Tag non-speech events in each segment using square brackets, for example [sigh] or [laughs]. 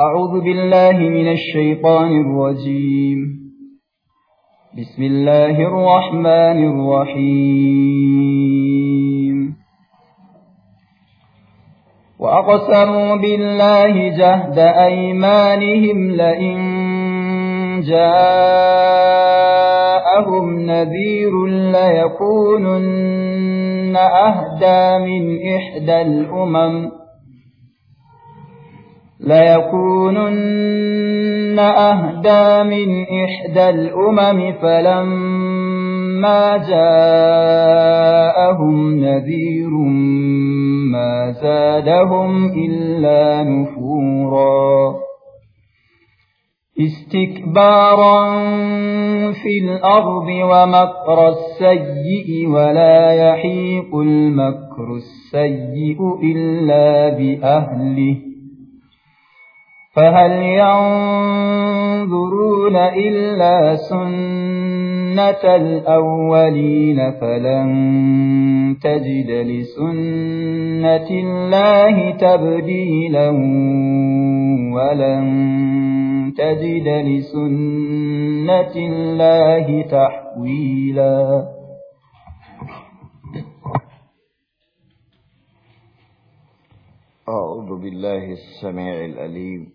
أعوذ بالله من الشيطان الرجيم بسم الله الرحمن الرحيم وأقسموا بالله جهد أيمانهم لئن جاءهم نذير ليكونن أهدى من إحدى الأمم ليكونن أهدى من إحدى الأمم فلما جاءهم نذير ما زادهم إلا نفورا استكبارا في الأرض ومكر السيء ولا يحيق المكر السيء إلا بأهله فهل ينظرون إلا سنة الأولين فلن تجد لسنة الله تبديلا ولن تجد لسنة الله تحويلا أعوذ بالله السميع الأليم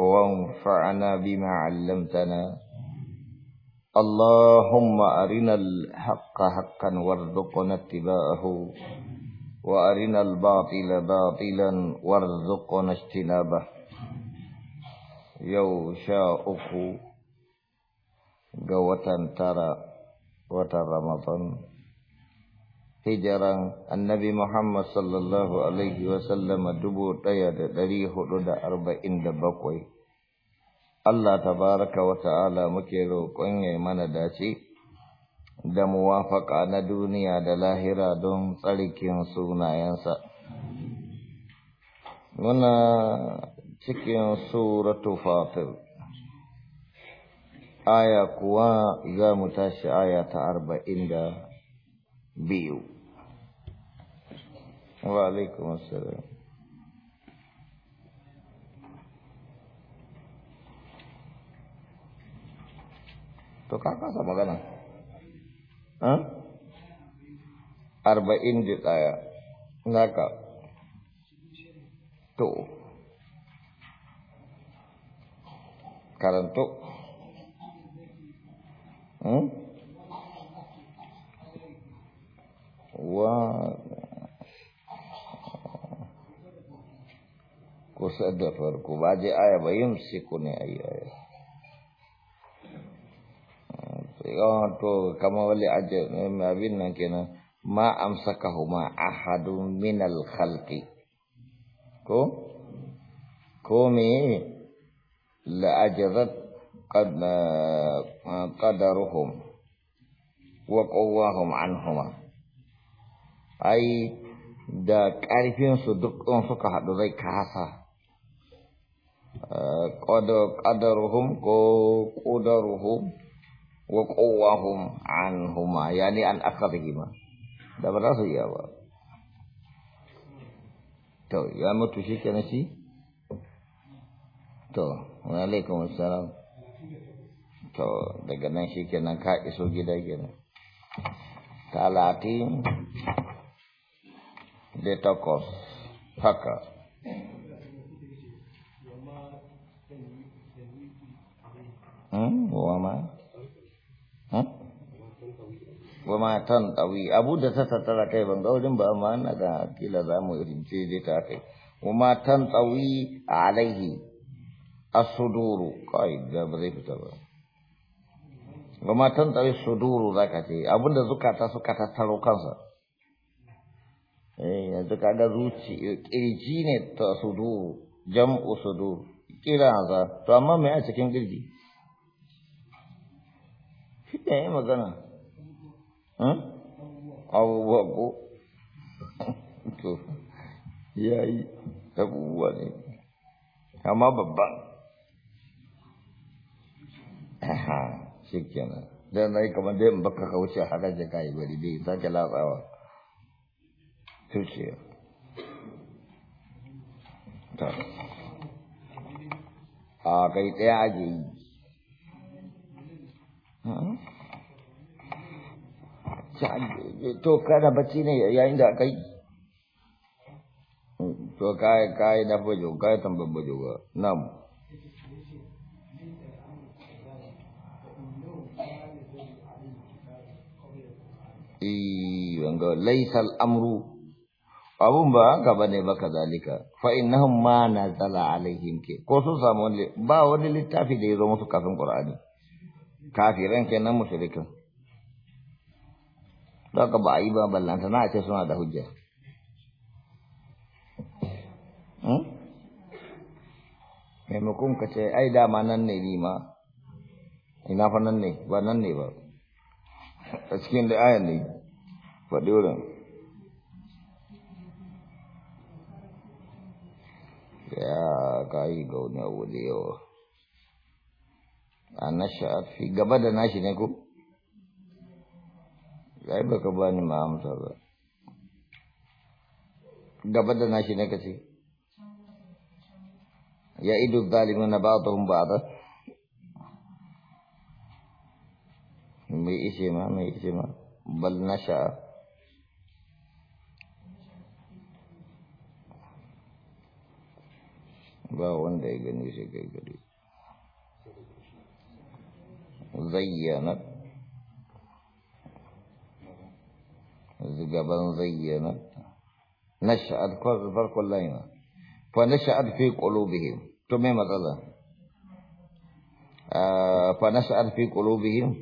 وانفعنا بما علمتنا اللهم أرنا الحق حقا وارزقنا اتباعه وأرنا الباطل باطلا وارزقنا اجتنابه يو sha قوة ترى watan hijran annabi Muhammad sallallahu Alaihi wasallam dubu ɗaya da ɗari hudu da arba'in da bakwai. Allah tabaraka wa ta'ala muke roƙon ya mana dace da muwafaka na duniya da lahira don tsarkin sunayensa. Muna cikin suratu fatir. Aya kuwa za mu tashi aya ta arba'in da biyu. Waalaikumsalam. Tuh kakak sama kanan. Hah? Arba'in juz ya? Enggak kok Tuh. Karen tuh. Hmm? Wah, kusa da farko ba je aya ba yin siku ne ayi aya to kama wali aje abin nan kenan ma amsakahuma ahadun minal khalqi ko ko me la ajazat qad qadaruhum wa qawwahum anhuma ai da ƙarfinsu duk in suka haɗu zai kasa qadaruhum ko qudaruhum wa quwwahum anhuma yani an akadhihima da ba za su ba to ya mutu shi kenan shi to wa alaikum assalam to daga nan shi kenan ka iso gida kenan talatin da takwas haka Hmm, wama wama tan tawi abu da ta tattara kai ban gaurin ba amma ana da kila za mu rince dai ta kai wama tan tawi alaihi as-suduru kai da ba zai fita ba wama tan tawi suduru zaka ce abinda zukata suka tattaro kansa eh yanzu kaga zuci kirji ne ta suduru jam'u suduru. kira za to amma me a cikin kirji ya magana abubuwa ko to ya yi abubuwa ne amma babban aha shi kenan zai na yi kamar dai in baka kauce da kayi bari dai sake latsawa tushe ta a kai ɗaya ajiye to kana bacci ne yayin da aka yi hmm, to kai kai da bojo kai tambar bojo ga nam eh wanga laysal amru abun ba haka bane ba kazalika fa innahum ma nazala alaihim ke ko sun samu ba wani littafi da ya zo musu kafin qur'ani kafiran kenan mushrikin don ka ba a yi ba ballanta na ce suna da hujja hmm? maimakon ka ce ai dama nan ne ma ina fa nan ne ba nan ne ba a cikin da ayan ne faɗi wurin ya kayi ga wani abu da yawa a nasha fi gaba da nashi ne ku ai baka bani ma amsa ba gaba da nashi ne kace ya ido zalimuna ba'dhum ba'da mai ishe ma mai ishe ma bal nasha ba wanda ya gani shi kai gari zayyanat gaban zayyana nasha'ad farkon layin fa nasha'ad fi qulubihim to me matsala fa nasha'ad fi qulubihim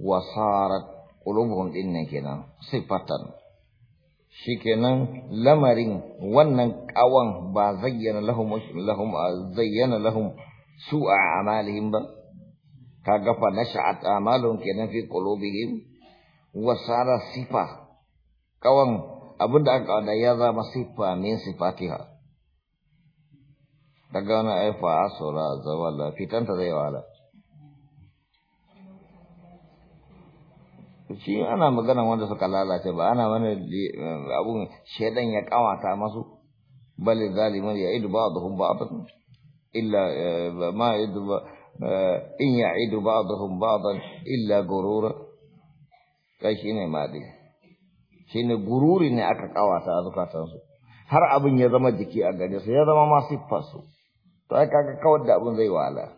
wa sarat qulubuhum dinnan kenan sifatan shikenan lamarin wannan kawan ba zayyana lahum lahum zayyana lahum su'a amalihim ba kaga fa nasha'at amalun kenan fi qulubihim wa sara sifa kawan da aka da ya zama sifa min sifatiha daga wani aifa asura zawala fitanta zai wala shi ana magana wanda suka lalace ba ana wani abun shaidan ya kawata masu bal zalimin ya idu ba'dhum ba'dan illa eh, ma idu eh, in ya'idu ba'dhum ba'dan illa gurura kai shine dai shine gururi ne aka kawata a zukatansu har abin ya zama jiki a gare su ya zama masu fasu to ai kaga kawar da abin zai wala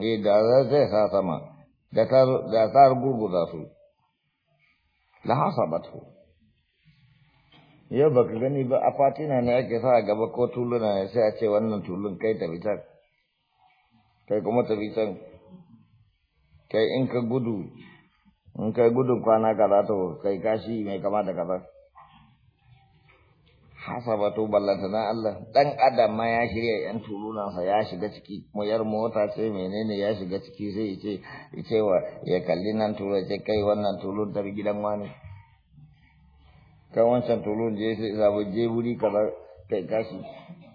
eh, da za zai sa sama da ta gurguza su la batu yau baka gani ba a fatina ne ake sa a gaba ko tuluna ne sai a ce wannan tulun kai tafi can kai kuma tafi can kai in ka gudu in kai gudu kwana za ta kai kashi mai kama da kaza hasabatu na Allah dan adam ma ya shirya yan tulunansa ya shiga ciki mu yar mota ce menene ya shiga ciki sai ya ce ya kalli nan tulu ce kai wannan tulun tafi gidan wani kai wancan tulun je sai zaba je wuri kaza kai kashi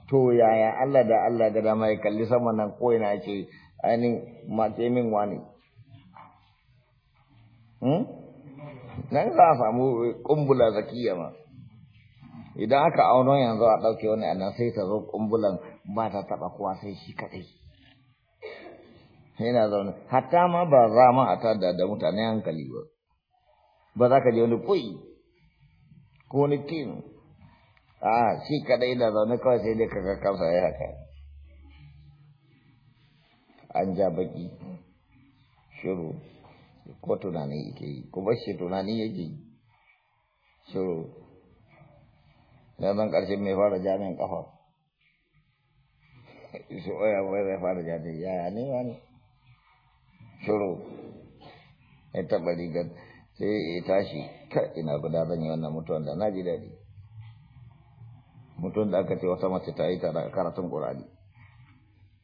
to yaya Allah da Allah ga dama ya kalli sama nan ko ina ce ma mace ah, min wani hmm? nan za a samu kumbula zakiya ma idan aka auno yanzu a ɗauke wani a sai ta zo kumbulan ba ta taɓa kowa sai shi kaɗai yana zaune hatta ma ba za ma a tada da mutane hankali ba ba za ka je wani koyi ko wani tim a ah, shi kadai da zaune kawai sai dai kaga kansa ya haka an ja baki shiru ko tunani yake yi ko bashi tunani yake yi shiru da zan karshe mai fara jami'in kafa su oya wai zai fara jami'in yaya ne ya ne shiru ya taɓa rigar sai ya tashi kai ina guda zan yi wannan mutuwan da na ji daɗi mutuwan da aka ce wata mace ta yi tara karatun ƙurani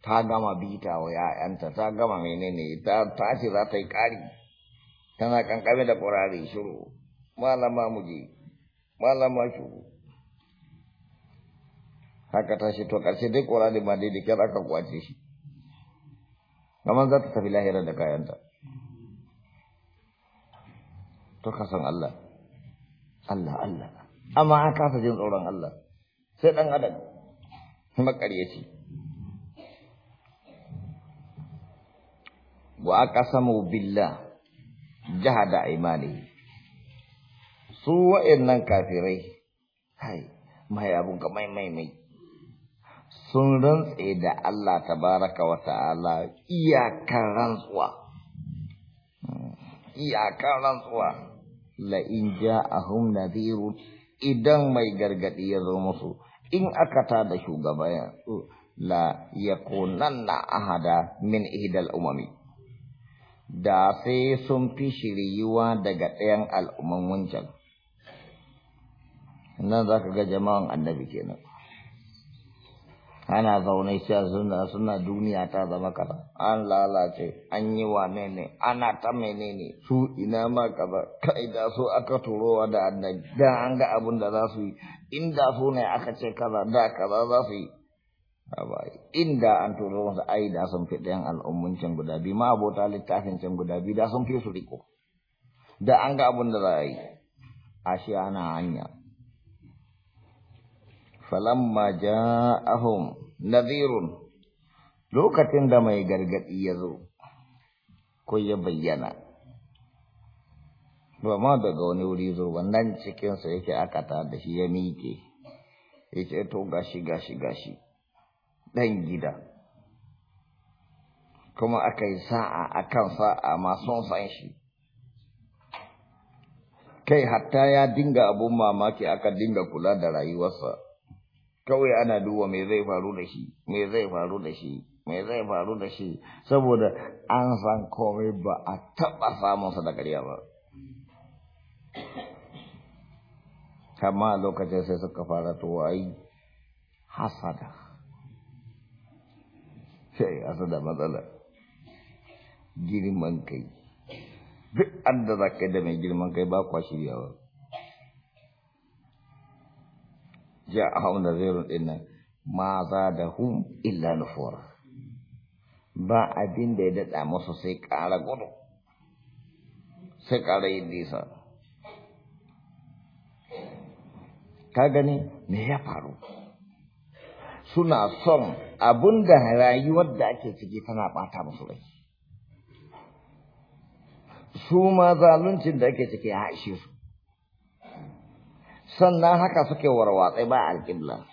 ta gama bita wa ‘ya'yanta ta gama menene ta tashi za ta yi ƙari tana kankame da ƙurari shiru malama muje malama shiru haka ta shi to ƙarshe dai ƙurani ma da kyar aka kwace shi kamar za ta tafi lahirar da kayanta to ka san Allah Allah Allah amma an kasa jin tsoron Allah sai dan adam makaryaci wa aqsamu billah jahada imani su wa'annan kafirai hai mai abun ka mai mai mai sun rantse da Allah tabaraka wa ta'ala iyakan rantsuwa hmm, Iyakan rantsuwa la'in ja'ahum nadhirun idan mai gargadi ya zo musu in aka tada shugaba ya la yakunanna ahada min ihdal umami da sai sun fi shiriyuwa daga ɗayan al'umman wancan nan za ka ga jama'an annabi kenan ana zaune shi a suna suna duniya ta zama kaza an lalace an yi wa ne ana ta menene su ina ma kaza kai da su aka turowa da annabi da an ga abin da za su yi inda su ne aka ce kaza da kaza za su yi inda an turo masa ai da sun fi ɗayan al'ummun can guda biyu ma abota littafin can guda biyu da sun fi su riko da an ga abin da za a yi ashe ana hanya falamma ja'ahum nadhirun lokacin da mai gargadi ya zo ko ya bayyana ba ma daga wani wuri zo wannan cikinsa yake aka ta da shi ya miƙe ya to gashi gashi gashi Dan gida kuma aka yi sa'a akan sa'a, sa'a masu san shi kai hatta ya dinga abun mamaki aka dinga kula da rayuwarsa kawai ana duba me zai faru da shi me zai faru da shi me zai faru da shi saboda an san komai ba a taɓa samunsa da ƙarya ba kama lokacin sai suka fara tuwayi hasada sai hasada matsala girman kai duk an da za ka da mai girman kai ba kwa shiryawa ja'ahum nadhirun inna ma hu illa nufura ba abin da ya dada masu sai ƙara gudu sai ƙara yin nisa ka gani me ya faru suna son abun da rayuwar da ake ciki tana ɓata musu rai su ma zaluncin da ake ciki ya haishe su sannan haka suke warwatsai ba alƙibla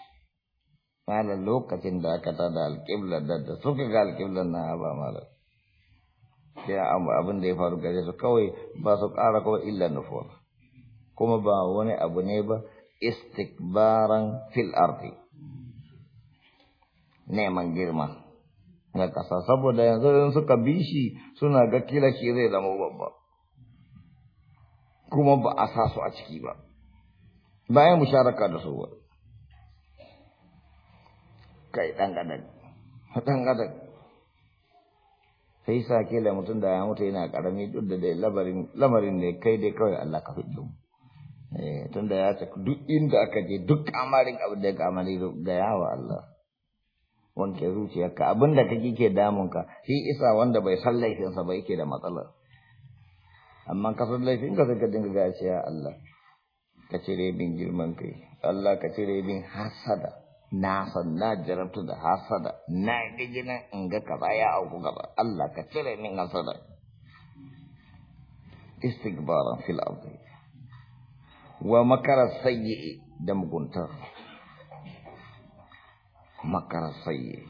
malam lokacin da aka tada alƙibla da suka ga alƙibla na ba malam sai abin da ya faru gare su kawai ba su ƙara kawai illa nufo kuma ba wani abu ne ba istikbaran fil ardi neman girma na ƙasa saboda yanzu in suka bi shi suna ga kila shi zai zama babba kuma ba a sa su a ciki ba bayan musharaka da su ba kai dan ƙadan dan ƙadan sai sa kila mutun da ya mutu yana karami duk da lamarin ne kai dai kawai Allah ka fito eh tunda ya ce duk inda aka je duk kamarin abin da ya kamari ga yawa Allah wanke zuciyarka abin da kake ke damunka shi isa wanda bai san laifinsa ba yake da matsala amma ka san laifinka sai ka dinga gaciya Allah ka cire min girman kai Allah ka cire min hasada na san na jarabtu da hasada na gijina in ga baya ya ku gaba Allah ka cire min hasada istigbaran fil ardi wa makara sayyi da mugunta makara sayyi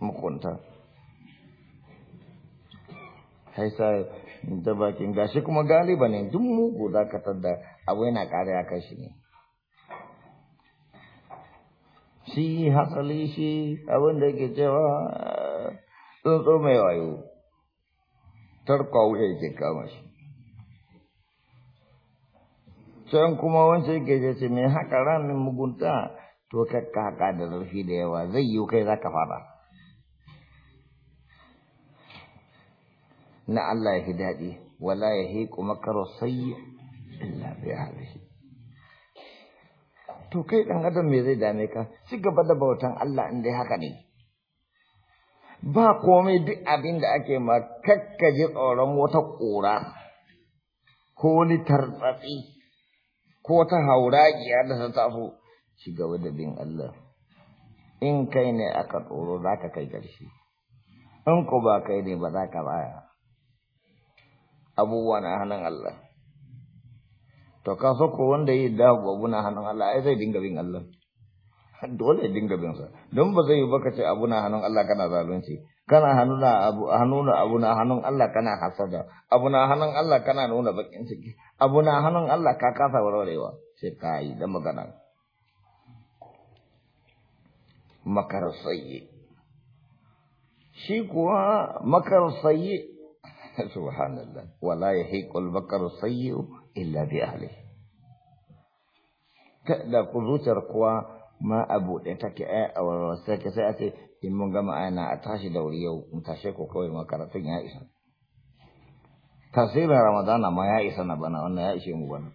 mugunta haisa da bakin gashi kuma galiba ne duk mugu za ka tada abu yana ƙara ya kashi. shi ne shi hasali shi abinda da cewa tsuntsu mai wayo tarko wuce yake kama shi can kuma wancan yake ce mai haka ramin mugunta to kakka haka da zarfi da yawa zai yi kai za ka fara na Allah ya fi daɗi wala ya hiku karo sai. illa bi to kai dan adam me zai dame ka ci gaba da bautan Allah in dai haka ne ba komai duk abin da ake ma kakkaje tsoron wata ƙora, ko wani tartsatsi ko ta hauragiya da ta taso ci gaba da bin Allah in kai ne aka tsoro za ka kai ƙarshe in ku ba kai ne ba za ka baya abubuwa na hannun Allah to ka so ko wanda yi da abu na hannun Allah ai zai dinga bin Allah [laughs] dole ya dinga bin sa don ba zai yi baka ce abu na hannun Allah kana zalunci kana hannuna abu hannuna abuna na hannun Allah kana hasada abu na hannun Allah kana nuna bakin ciki abu na hannun Allah ka kasa warwarewa sai ka yi da magana makar sayyi shi kuwa makar sayyi [laughs] subhanallah wala yahiqul makar sayyi illa bi ahli da ku zuciyar kuwa ma a buɗe take ai a warwarsa ka sai a ce in mun gama ana a tashi da wuri yau in tashe ko kawai makaratun ya isa tasirin ramadana ma ya isa na bana wannan ya ishe mu bana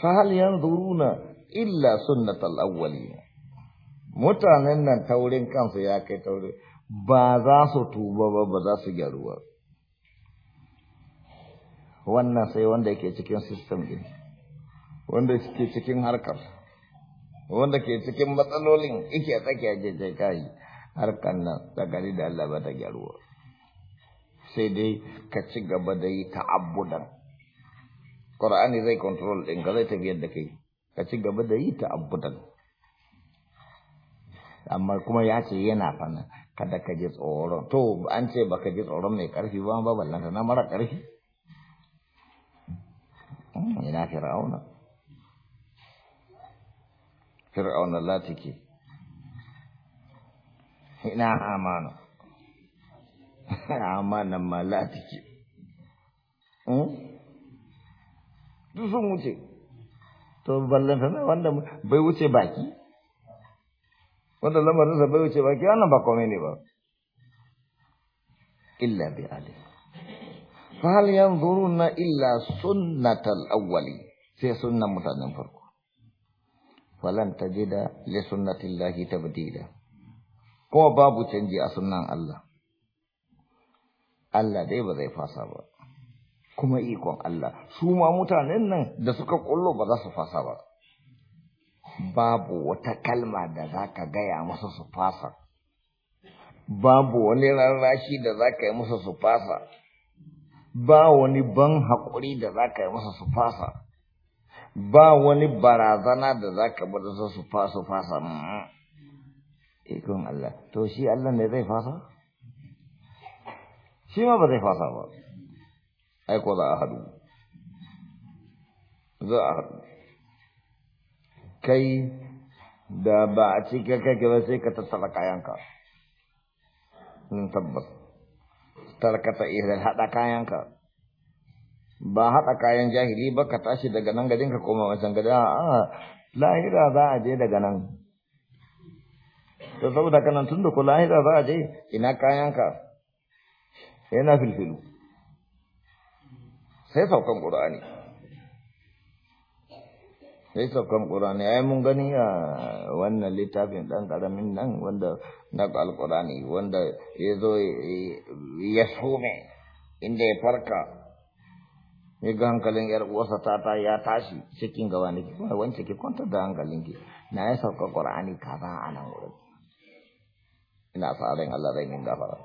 fahal yanzuruna illa sunnatal awwalin mutanen nan taurin kansu ya kai tauri ba za su tuba ba ba za su gyaruwa wannan sai wanda yake cikin system din wanda yake cikin harkar wanda ke cikin matsalolin yake tsakiya jeje kai harkar nan tsakari da Allah ba ta gyaruwa sai dai ka ci gaba da yi ta'abbudan Qur'ani zai control din ka zai tafiyar da kai ka ci gaba da yi ta'abbudan amma kuma ya ce yana fana kada ka ji tsoron to an ce baka ji tsoron mai karfi ba ba ballanta na mara karfi Hmm, ina fir'auna fir'auna latiki ina amana [laughs] amana ma latiki hmm? duk sun wuce to ballantana wanda bai wuce baki wanda lamarinsa bai wuce baki wannan ba komai ne ba illa bi alim zuru yanzuruna illa sunnatal awwali sai sunnan mutanen farko falan tajida li sunnatillahi tabdila ko babu canji a sunnan Allah Allah dai ba zai fasa ba kuma ikon Allah su ma mutanen nan da suka kullo ba za su fasa ba babu wata kalma da za ka gaya masa su fasa babu wani rarrashi da zaka yi masa su fasa ba wani ban haƙuri da za ka yi masa su fasa ba wani barazana da za ka bada su su fasa fasa mm-hmm. ikon Allah to shi Allah ne zai fasa shi ma ba zai fasa ba aiko za a haɗu za a haɗu kai da ba a cikin kai ba sai ka tattara kayanka nan tabbas tarkata ihlal kayan kayanka ba hada kayan jahili ba ka tashi daga nan gadin ka koma wancan gada a lahira za a je daga nan to saboda kana tun da ku lahira za a je ina kayanka yana filfilu sai saukan qur'ani sai saukan ƙurani ai mun gani a ah, wannan littafin ɗan ƙaramin nan wanda na alƙurani wanda ya zo ya sume inda ya farka ya ga hankalin yar uwarsa ta ya tashi cikin gaba ne ki kuma wance ki kwantar da hankalin ki na ya sauka ƙurani kaza a nan wurin ina farin Allah min gafara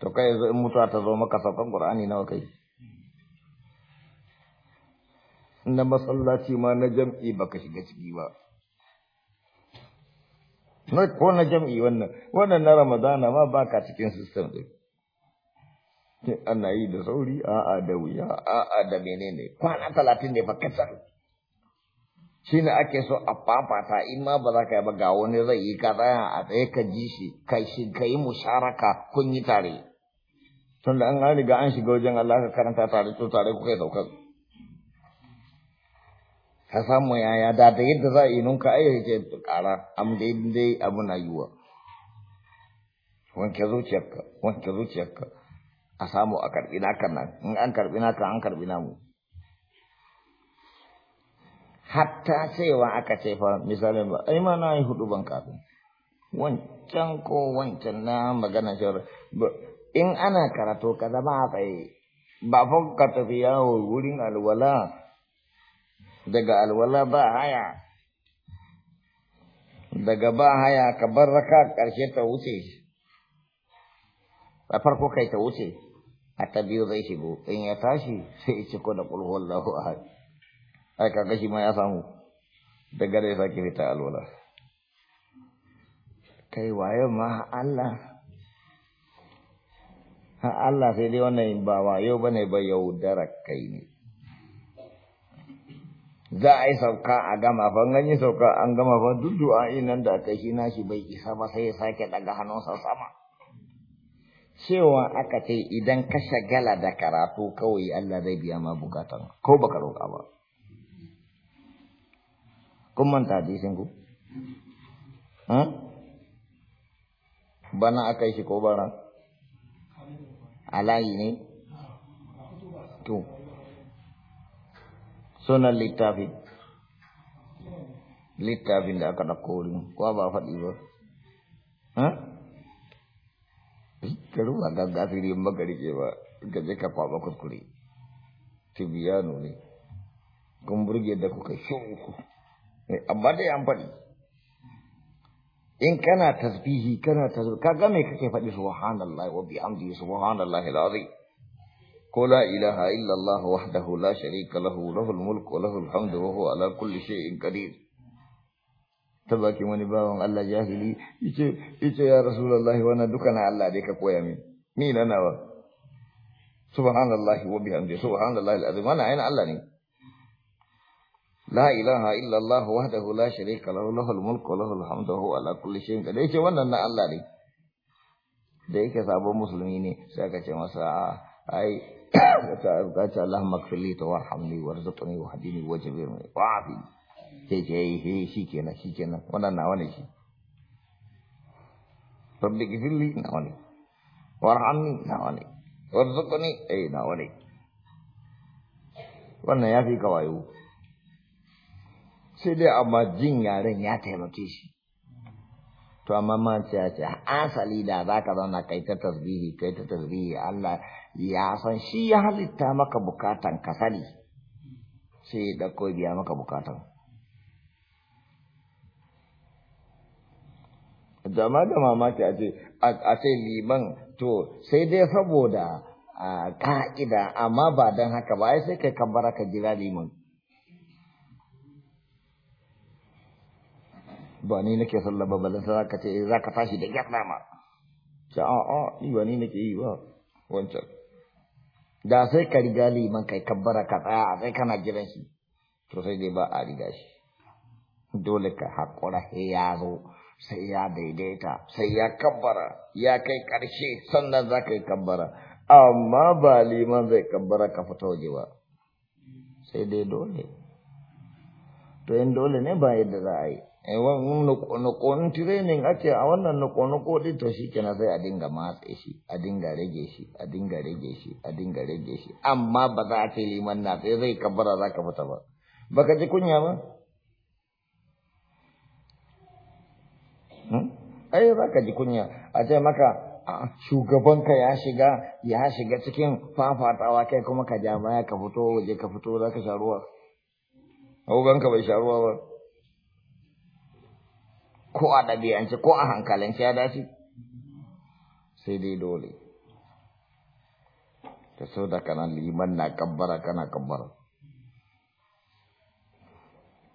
to kai yanzu in mutuwa ta zo maka saukan ƙurani nawa kai na masallaci ma na jam'i baka shiga ciki ba na ko na jam'i wannan wannan na ramadana ma baka cikin system din ana yi da sauri a'a da wuya a'a da menene kwana talatin ne baka kasar shi ne ake so a fafata in ma ba za ka yi ba ga wani zai yi ka tsaya a tsaye ka ji shi ka shi ka yi musharaka kun yi tare tunda an ga an shiga wajen Allah ka karanta tare to tare ku kai daukar ka samu yaya da ta yadda za a yi nunka ai ce kara am dai dai abu na yiwa wanke zuciyarka wanke zuciyarka a samu a karbi naka nan in an karbi naka an karbi namu hatta cewa aka ce fa misalin ba ai ma na yi hudu ban kafi wancan ko wancan na magana shawar in ana karatu ka zama a tsaye ba fa ka tafi yawo wurin alwala daga alwala ba haya daga ba haya ka baraka ƙarshe ta wuce a farko kai ta wuce a ta biyu zai shigo in ya tashi sai ci ko da kulhuwar lahu a hari ai kaga shi ma ya samu daga da ya sake fita alwala kai wayo ma Allah Allah sai dai wannan ba wayo bane ba yaudarar kai ne za a yi sauka a gama fa an yi sauka an gama fa duk du'a nan da aka shi nashi bai isa ba sai ya sake daga hannunsa sama cewa aka ce idan ka shagala da karatu kawai Allah zai biya ma bukatan ko baka roƙa ba kun manta hadisin ku bana aka yi shi ko bara alayi ne to sunan littafin littafin da aka ɗauko wurin kowa ba faɗi ba ka ruwa gaggafiri in baka rike ba ka je ka kwaba kuskure tibiyanu ne kun burge da kuka shuru amma dai eh, an faɗi in kana tasbihi kana tasbihi kaga me kake faɗi subhanallahi wa bihamdihi subhanallahi alazim ko la ilaha illallah wahdahu la sharika lahu lahul mulk wa lahul hamdu wa huwa ala kulli shay'in qadir ta baki wani bawan Allah jahili yace yace ya rasulullahi wannan duka na Allah dai ka koya min ni na nawa subhanallahi wa bihamdihi subhanallahi alazim wannan ayin Allah ne la ilaha illallah wahdahu la sharika lahu lahul mulku wa lahul hamdu wa huwa ala kulli shay'in qadir yace wannan na Allah ne da yake sabon musulmi ne sai aka ce masa ai kace Allah makfili ta warhamni warzuqni wahdini wajbirni wa'afi sai ce eh shikenan shikenan wannan nawa ne shi rabbi kfirli nawa ne warhamni nawa ne warzuqni eh nawa ne wannan ya fi kawayo sai dai amma jin yaren ya taimake shi to amma ma ce asali da za ka zauna kai ta tasbihi kai ta tasbihi Allah ya san shi ya halitta maka bukatan ka sani sai da ko biya maka bukatan zama da mamaki a ce a ce liman to sai dai saboda ka'ida amma ba don haka ba sai kai kabbara ka jira liman ba ni nake sallah ba balan sai ka ce za ka tashi da gyara ma a'a ni ba ni nake yi ba wancan da sai ka riga liman kai kabbara ka tsaya a sai kana jiran shi to sai dai ba a riga shi dole ka haƙura ya zo sai ya daidaita sai ya kabbara ya kai karshe sannan za ka yi kabbara amma ba liman zai kabbara ka fita waje ba sai dai dole to yin dole ne ba yadda za a yi Eh, wani nukonin training ake a wannan nukoniko din to shi kenan sai a dinga matse shi a dinga rage shi a dinga rage shi a dinga rage shi amma ba za a ce liman na sai zai kabbara za ka fita ba baka ji kunya hmm? ba ai za ka ji kunya a ce maka ah, shugabanka ya shiga ya shiga cikin fafatawa kai kuma ka ja baya ka fito waje ka fito za ka sha ruwa bai sha ruwa ba ko a ɗabi'ance ko a hankalance ya dace sai dai dole ta so da kanan liman na kabbara kana kabbara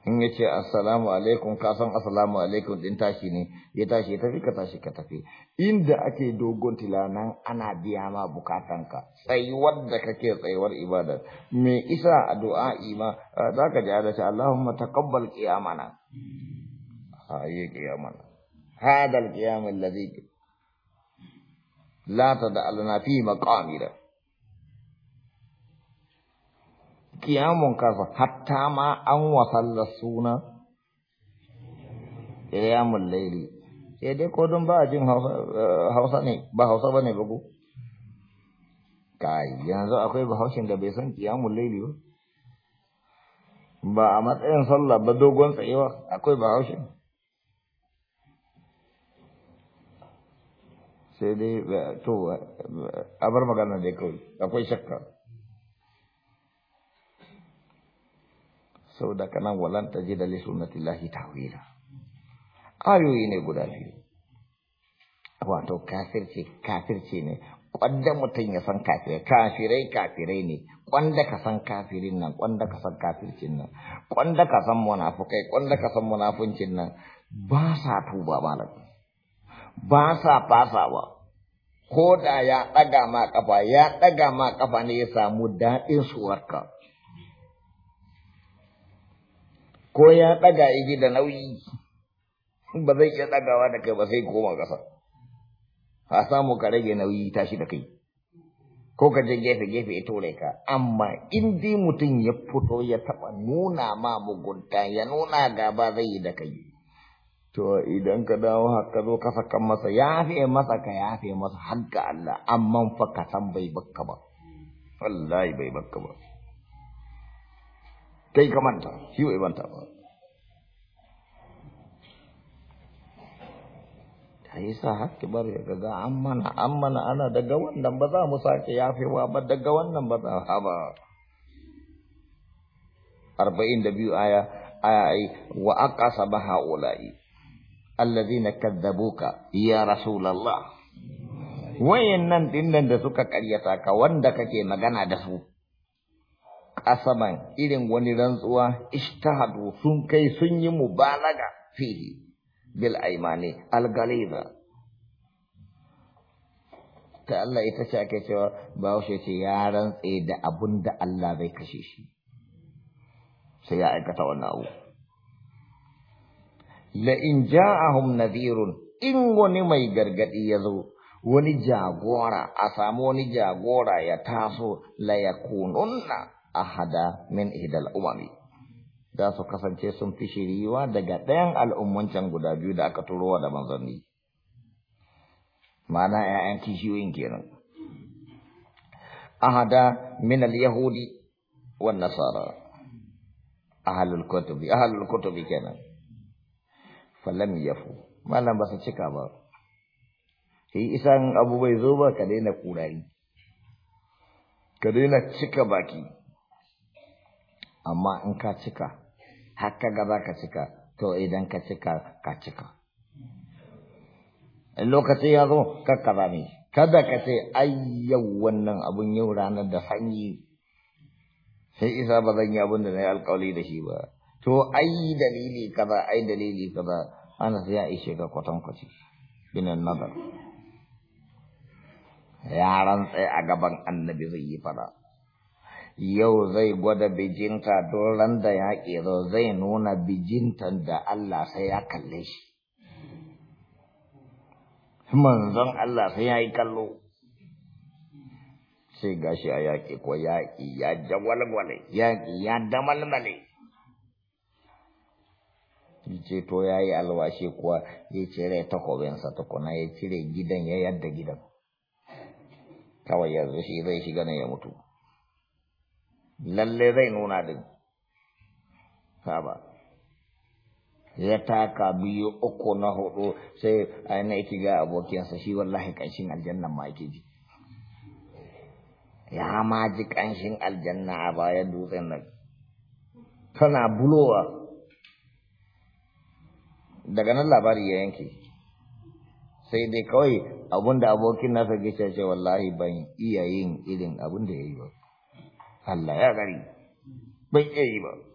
in ya ce assalamu alaikum ka san assalamu alaikum din tashi ne ya tashi ya tafi ka tashi ka tafi inda ake dogon tilanan ana biya ma bukatanka tsayuwar da kake tsayuwar ibada me isa a addu'a ima za ka ji ta Allahumma taqabbal qiyamana a yi ƙiyamana hadal ƙiyamin ladiki la ta da alana fi maƙami kiyamun Kafa kasa hatta ma an wasalla suna kiyamun laili sai dai ko don ba a jin hausa ne ba hausa bane ne ba ko kai yanzu akwai bahaushen da bai san kiyamun laili ba ba a matsayin sallah ba dogon tsayewa akwai bahaushe sai dai to a bar magana dai kawai akwai shakka da kanan walan ta ji da li lahi tawila ayoyi ne guda biyu wato kafirce kafirce ne kwanda mutum ya san kafirai kafirai kafirai ne kwanda ka san kafirin nan kwanda ka san kafircin nan kwanda ka san munafukai kwanda ka san munafuncin nan ba sa tuba malam ba sa fasawa ko da ya ɗaga ma kafa ya ɗaga ma kafa ne ya samu daɗin suwarka ko ya ɗaga igi da nauyi ba zai iya ɗagawa da kai ba sai koma ƙasa a samu ka rage nauyi tashi da kai ko ka je gefe gefe ya tore ka amma in dai mutum ya fito ya taɓa nuna ma mugunta ya nuna gaba zai yi da kai To idan ka dawo haka zo ka saka masa ya yafe masa ka ya yafe masa hagga Allah an fa ka san bai bakka ba. Wallahi bai bakka ba. Kai ka manta, shi bai manta ba. Ta yi sa haƙƙi bar ya gaga an mana an mana ana daga wannan ba za mu sake wa ba daga wannan ba za ha ba. Arba'in da biyu aya aya ai wa aqasa ba ha'ula'i alladhina kadzabuka ya rasulullah wayannan ɗinnan da suka karyata ka wanda kake magana da su kasaman irin wani rantsuwa ishtahadu sun kai sun yi mubalaga fihi bil aimani al galiza ta Allah ita ce ake cewa ba shi ce ya rantse da abun da Allah bai kashe shi sai ya aikata wannan abu la in ja'ahum nadhirun in wani mai gargadi ya zo wani jagora a samu wani jagora ya taso la yakununna ahada min ihdal umami za su kasance sun fi shiriwa daga ɗayan can guda biyu da aka turowa da manzanni ma'ana ‘ya'yan kishiyoyin kenan ahada min al-yahudi wan nasara ahlul kutubi ahlul kutubi kenan falam yafu malam ba su cika ba sai isan abu bai zo ba ka daina kurari ka daina cika baki amma in ka cika har ka gaba ka cika to idan ka cika ka cika lokaci ya zo kaza ne kada ka ce ayyau wannan abun yau ranar da sanyi sai isa ba zan yi abun da na yi alkawali da shi ba to ai dalili kaza ai dalili kaza Anas ya ishe ga kwatankwaci binin nazar. Yaran tsaye a gaban annabi zai yi fada. Yau zai gwada bijinta don ran da ya ƙero zai nuna bijinta da Allah sai ya kalle shi. Manzon Allah sai ya yi kallo. Sai gashi a yaƙi ko yaƙi ya jawalgwale, yaƙi ya damalmale. ce to ya yi alwashi kuwa ya cire takobinsa tukuna ya cire gidan ya yadda gidan kawai yanzu shi zai shiga ne ya mutu lalle zai nuna din saba ya taka biyu uku na hudu sai aina yake ga abokinsa shi wallahi kanshin aljannan ma yake ji ya ma ji kanshin aljanna a bayan dutsen nan tana bulowa daga nan labari ya yanke sai dai kawai abun abokin na fage ce wallahi ban iya yin irin abun ya yi ba Allah ya gari ban iya yi ba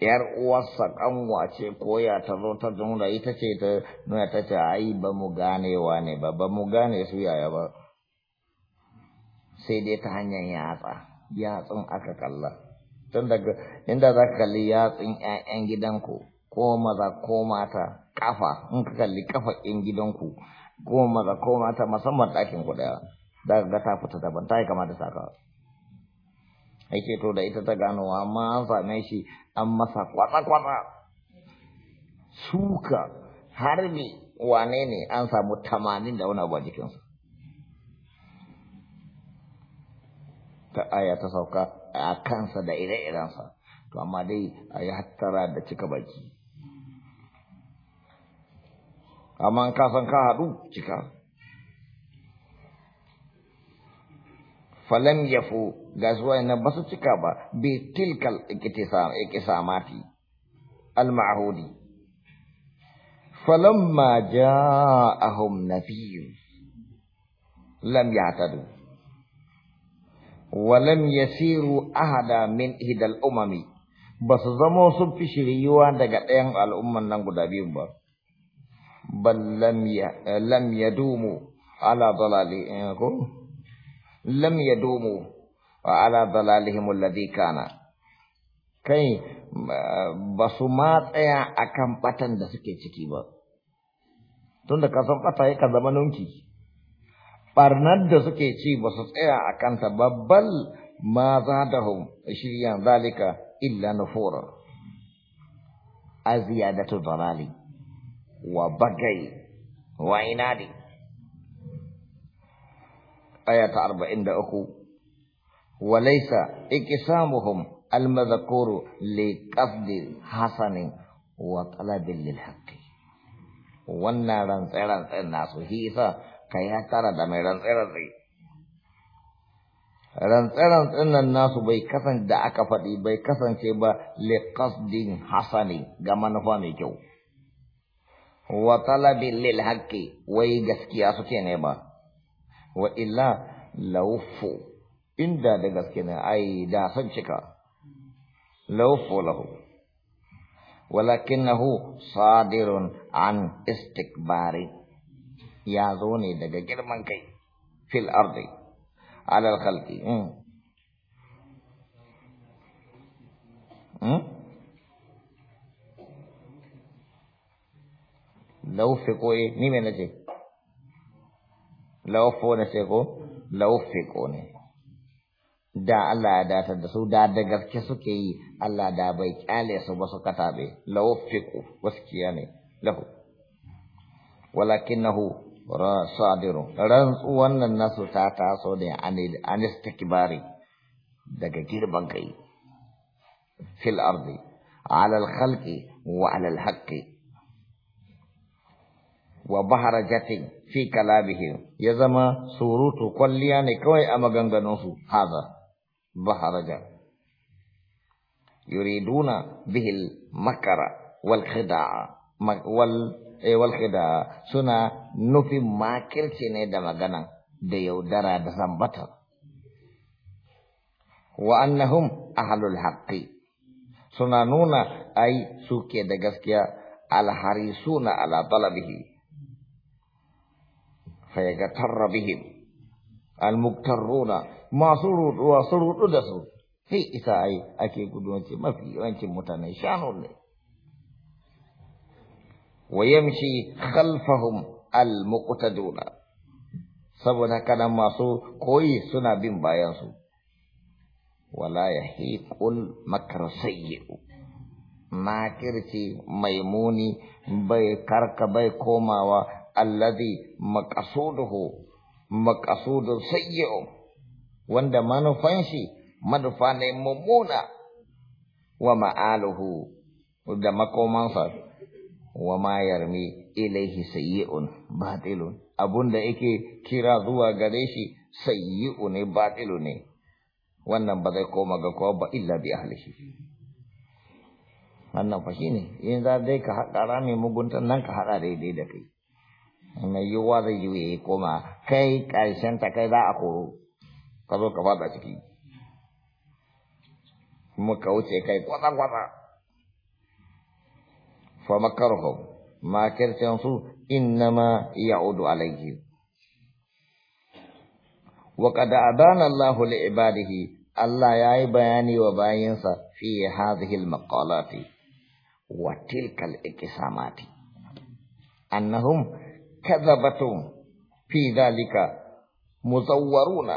‘yar uwarsa kanwa ce koya ta zo ta nuna ita ce ta nuna ta ce ai ba mu ganewa ne ba ba mu gane su yaya ba sai dai ta hanyar yatsa yatsun aka kalla tun daga inda za ka kalli yatsun 'ya'yan gidanku ko maza ko mata kafa in ka kalli kafa 'yan gidanku ko maza ko mata musamman ɗakin ku ɗaya za ga ta fita daban ta yi kama da saka ake to da ita ta gano amma an same shi an masa kwatsa-kwatsa suka ne wane ne an samu tamanin da wani abu a jikinsa ta aya ta sauka a kansa da ire-irensa to amma dai a yi hattara da cika baki amma ka san ka haɗu cika falam yafu ga zuwa na ba su cika ba bi tilkal ikisamati al-ma'hudi falamma ja'ahum nabiyyu lam yahtadu walam yasiru ahada min hidal umami ba su zamo sun fi shiryuwa daga ɗayan al'umman nan guda biyu ba bal lam yadumu ala dalali eh, ko lam yadumu ala dalalihim alladhi kana kai ba su ma tsaya kan ɓatan da suke ciki ba tunda ka san bata yake zama nunki barnar da suke ci ba su tsaya a kanta babbal ma za da hum shirya zalika illa nufura a ziyadatu dalali wa bagai wa inadi آية 43 وليس اكسامهم المذكور لقصد حسن وطلب للحق wannan rantsaren nasu hisa ka ya tara da mai rantsi-rantsi. Rantsi-rantsin nasu bai kasance da aka faɗi bai kasance ba liƙasdin hasani ga manufa mai kyau. Wa talabi lil haƙƙi wai gaskiya suke ne ba, wa illa laufu inda da gaske ne ai da sun cika. Laufu lahu. Walakinahu sadirun an istikbari. ya zo ne daga girman kai fil ardi alal khalqi laufe ko eh ni me nace laufo ne sai ko laufe ko ne da Allah ya datar da su da da gaske suke yi Allah da bai kyale su ba su katabe laufe ko gaskiya ne lahu walakinahu ورا صادرو رنسوان الناس تاتاسو دي عن استكباري دقا جير بانكي في الأرض على الخلق وعلى الحق وبحر جاتي في كلابه يزما سوروتو قلياني كوي أما جنب هذا بحر جات يريدون به المكر والخداع والخداع e khida suna nufin makirci ne da magana da yaudara da zambata wa annahum ahlul haqqi suna nuna ai suke da gaskiya alharisuna ala talabihi fayatarra bihim almuktarruna masu rudu da su sai isa ai ake gudunci mafi yawancin mutane shanu ne ويمشي خلفهم المقتدون saboda kana masu koyi suna bin bayansu wala ya hiƙul makar sayyi'u makirci maimuni bai karka bai komawa allazi maqasuduhu maqasudu sayyi'u wanda manufan shi manufa ne mummuna wa ma'aluhu da makomansa wa ma yarmi ilaihi sayyi'un batilun abunda yake kira zuwa gare shi sayyi'u ne batilu ne wannan ba zai koma ga kowa ba illa bi ahlihi wannan fa shine in za dai ka haɗa rami muguntan nan ka haɗa daidai da kai mai yiwuwa zai yi ya koma kai ƙarshen ta kai za a koro ka zo ka fada ciki muka wuce kai kwata-kwata فمكرهم ما كرتنسو إنما يعود عليهم وقد أبان الله لعباده الله يعي بياني وبيانس في هذه المقالات وتلك الاكسامات أنهم كذبتوا في ذلك مزورون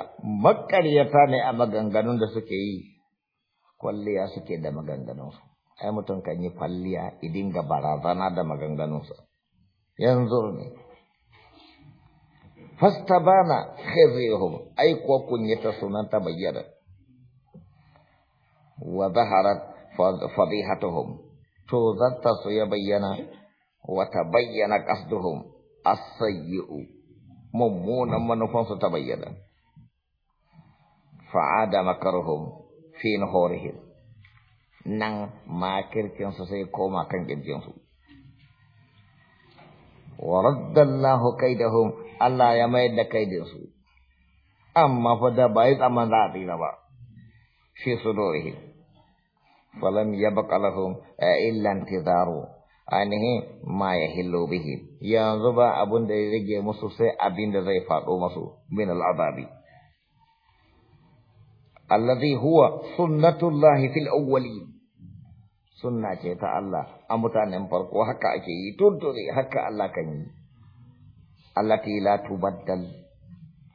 مكريتان أمغنغنون دسكي كل ياسكي سكي دمغنغنون ai mutum kan yi falliya, idin ga barazana da maganganunsa yanzu ne fastabana khazihum ai yi kunyata sunan ta bayyana wa zaharat fadihatuhum to zatta su ya bayyana wa tabayyana qasduhum as-sayyi'u mummunan manufansu ta bayyana fa'ada makaruhum fi nuhurihim nan makircinsu sai koma kan kirjinsu wa raddallahu kaidahum Allah ya mayar da kaidinsu amma fa da yi tsamman za a tsira ba shi su dorihi falam ya bakalahum illa intizaru ainihin ma ya hillo bihi yanzu ba abin da ya rage musu sai abin da zai faɗo masu min Allah zai huwa sunnatullahi fil awwalin sunna ce ta Allah a mutanen farko haka ake yi tuntuni haka Allah kan yi allati la tubaddal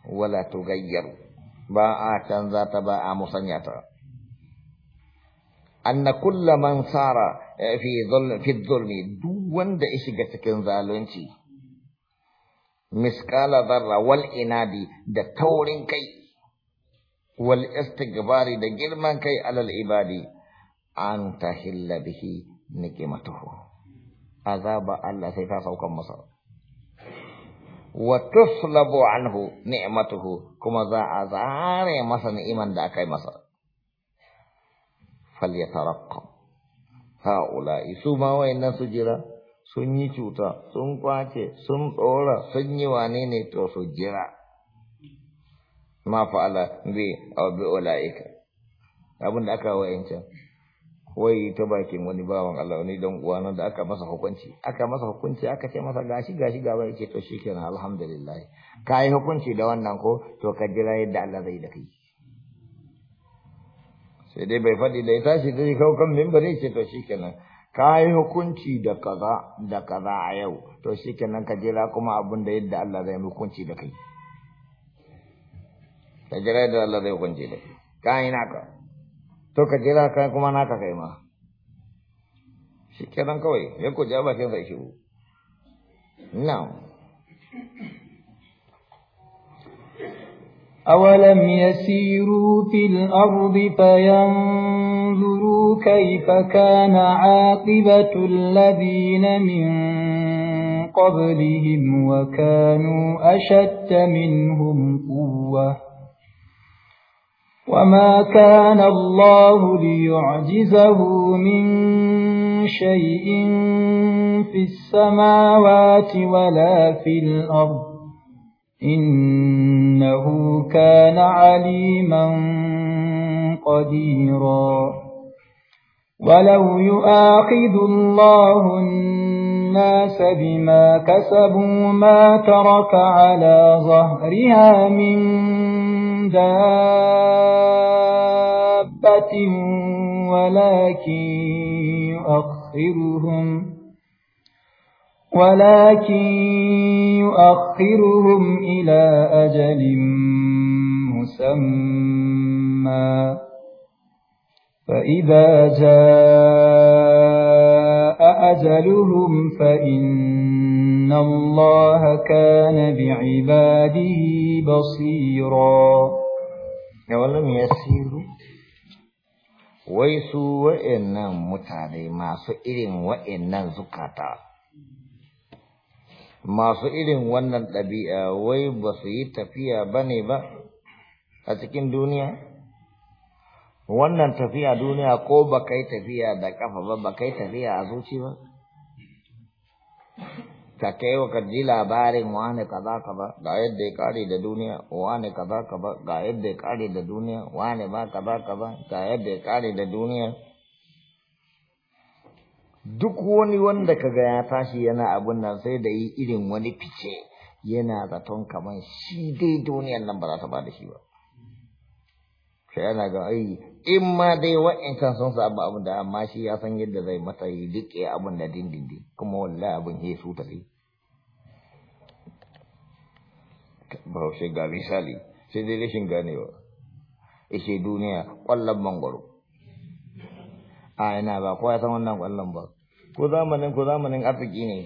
wala tughayyar ba a canza ta ba a musanya ta anna kulla man sara fi dhulm fi dhulmi duk wanda ya shiga cikin zalunci miskala dharra wal inadi da taurin kai wal istighbari da girman kai alal ibadi an hilla bihi za azaba Allah sai ta saukan masa wa tuslabu anhu ni'matuhu kuma za a zare masa ni'iman da aka yi masa falyataraqqa haula su ma wayannan su jira sun yi cuta sun kwace sun tsora sun yi wane ne to su jira ma fa'ala bi aw bi ulaika abin da aka wayancan wai ta bakin wani bawan Allah wani dan uwa nan da aka masa hukunci aka masa hukunci aka ce masa gashi gashi gaba yake to shikenan alhamdulillah kai hukunci da wannan ko to ka jira yadda Allah zai da kai sai dai bai faɗi da ya shi dai kawo kan mimbari ce to shikenan kai hukunci da kaza da kaza a yau to shikenan ka jira kuma abin da yadda Allah zai hukunci da kai ka jira yadda Allah zai hukunci da kai kai ka to ka jira ka kuma naka kai ma shi kenan kawai ya ku ja bakin sai shiru na'am awalam yasiru fil ardi fayanzuru kayfa kana aqibatu alladhina min قبلهم وكانوا أشد منهم قوةً وما كان الله ليعجزه من شيء في السماوات ولا في الأرض إنه كان عليما قديرا ولو يؤاخذ الله الناس بما كسبوا ما ترك على ظهرها من دابة ولكن يؤخرهم ولكن يؤخرهم إلى أجل مسمى فإذا جاء أجلهم فإن الله كان بعباده بصيرا ولم يسيروا ويسوا وإن متعلي ما سئل وإن زكاتا masu irin wannan ɗabi'a wai ba su yi tafiya ba ne ba a cikin duniya wannan tafiya duniya ko ba kai tafiya da kafa ba ba kai tafiya a zuci ba ka kai wa labarin wane kaza ba ga yadda ya kare da duniya wane ka ba ga yadda ya kare da duniya wane ba ka ba ga yadda ya kare da duniya duk wani wanda ka ya tashi yana abun nan sai da yi irin wani fice yana zaton kaman shi dai duniyar nan ba za ta ba da shi ba sai yana ga ai in ma dai wa'incan sun samu abin da amma shi ya san yadda zai mata yi riƙe abin da dindindin kuma wallahi abin ya su tafi bahaushe ga misali sai dai rashin ganewa ishe duniya ƙwallon mangwaro a ina ba kowa ya san wannan ƙwallon ba ko zamanin ko zamanin arziki ne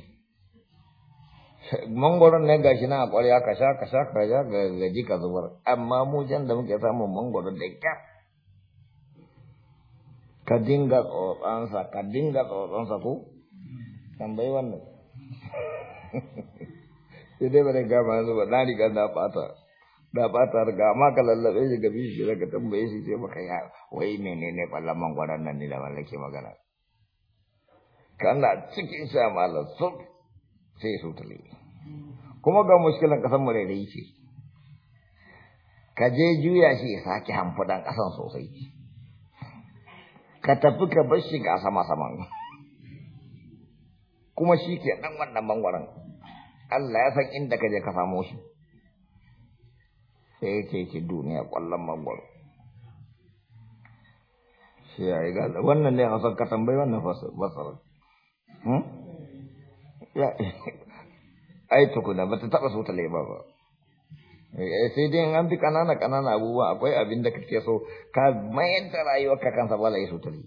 mangwaron ne gashi na a ƙwarya ka sha ka sha ka gaji ka zubar amma mu jan da muke samun mangwaron da kyar ka dinga tsotsansa ka dinga tsotsansa ko tambayi wannan [laughs] sai dai bane gama yanzu ba na riga na fata da fata riga amma ka lallabe shi gabi shi ka tambaye shi sai maka ya wai menene ballan mangwaron nan ne da mallake magana kana cikin sha malam su sai su tale kuma ga mushkilan kasan mu da yake ka je juya shi ya sake hanfudan kasan sosai ka tafi ka bar shi ga sama-saman kuma shi ke nan wannan bangaren Allah ya san inda ka je ka samu shi sai ce ci duniya kwallon mangwaro shi ya yi gaza wannan ne hausar ka tambayi wannan fasarar hmm? [laughs] ai tukuna ba ta taɓa so ta laiba ba Eh, sai dai an fi kanana kanana abubuwa akwai abin da kake so ka mayar da ka kansa sa bala yaso tare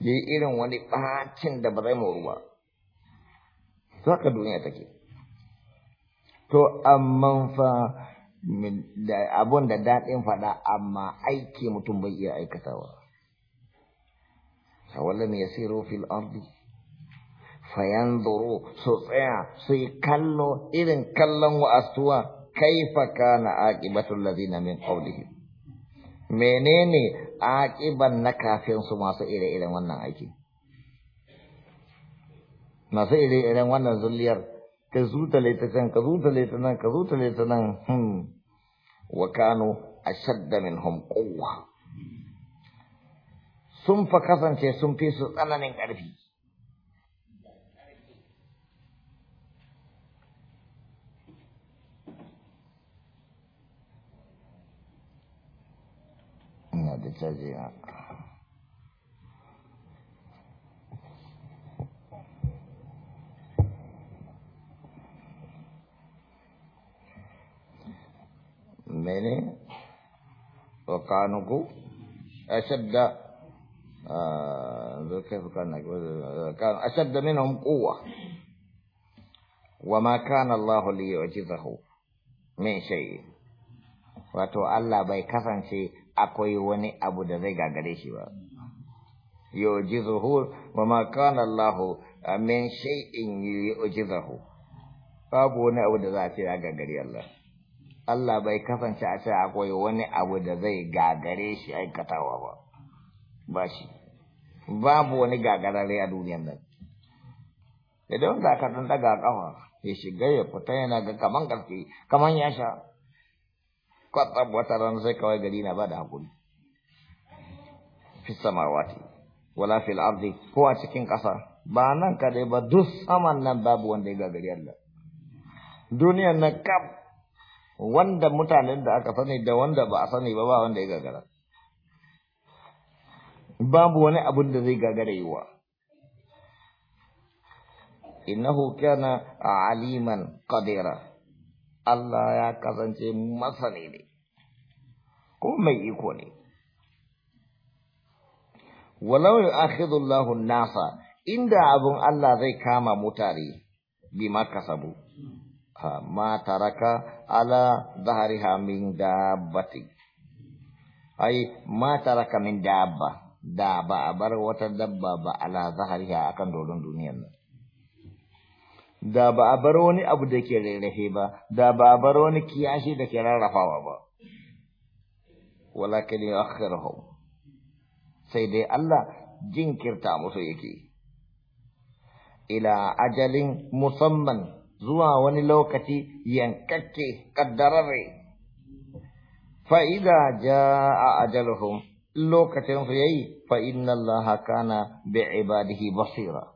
yi irin wani bacin da ba zai moruwa ba to haka duniya take to amma fa abun da daɗin faɗa amma aiki mutum bai iya aikatawa awalam yasiru fil ardi doro su tsaya su yi kallo irin kallon wa'astuwa kaifa kana aqibatul ladina min qawlihi menene aqiban na kafin su masu ire-iren wannan aiki masu ire-iren wannan zulliyar ka zuta laita can ka zuta laita nan ka zuta laita nan hmm wa kanu ashadda minhum quwwa sun fa kasance sun fi su tsananin ƙarfi da cajewa mene wa kanuku ashadda a zuke kan ashadda minhum quwwa wa ma kana Allah li yu'jizahu min shay wato Allah bai kasance akwai wani abu da zai gagare shi ba yu'jizuhu wa ma kana Allahu ah, min shay'in yu'jizuhu babu wani abu da za a ce ya gagare Allah Allah bai kasance a ce akwai wani abu da zai gagare shi aikatawa ba ba shi babu wani gagarare a duniyar nan idan za ka dan daga kafa ya shiga ya fita yana ga kaman karfi kaman ya sha kwatsam wata rana sai kawai gari na ba da hakuri fi samawati wala fil ardi ko a cikin ƙasa ba nan dai ba duk saman nan babu wanda ya gagari Allah duniyar na kaf wanda mutanen da aka sani da wanda ba a sani ba ba wanda ya gagara babu wani abun da zai gagara wa innahu kana aliman qadira Allah ya kasance masani ne ko mai iko ne walau yu'akhidullahu an-nasa inda abun Allah zai kama mutare bima kasabu ma taraka ala dhahriha min dabbati ai ma taraka min dabba da ba a bar wata dabba ba ala ha akan dolon duniyar nan da ba a bar wani abu da ke rarrafe ba da ba a bar wani kiyashi da ke rarrafawa ba walakin yu'akhiruhum sai dai Allah jinkirta musu yake ila ajalin musamman zuwa wani lokaci yankakke kaddarare fa idza jaa ajaluhum lokacin su yayi fa inna allaha kana bi ibadihi basira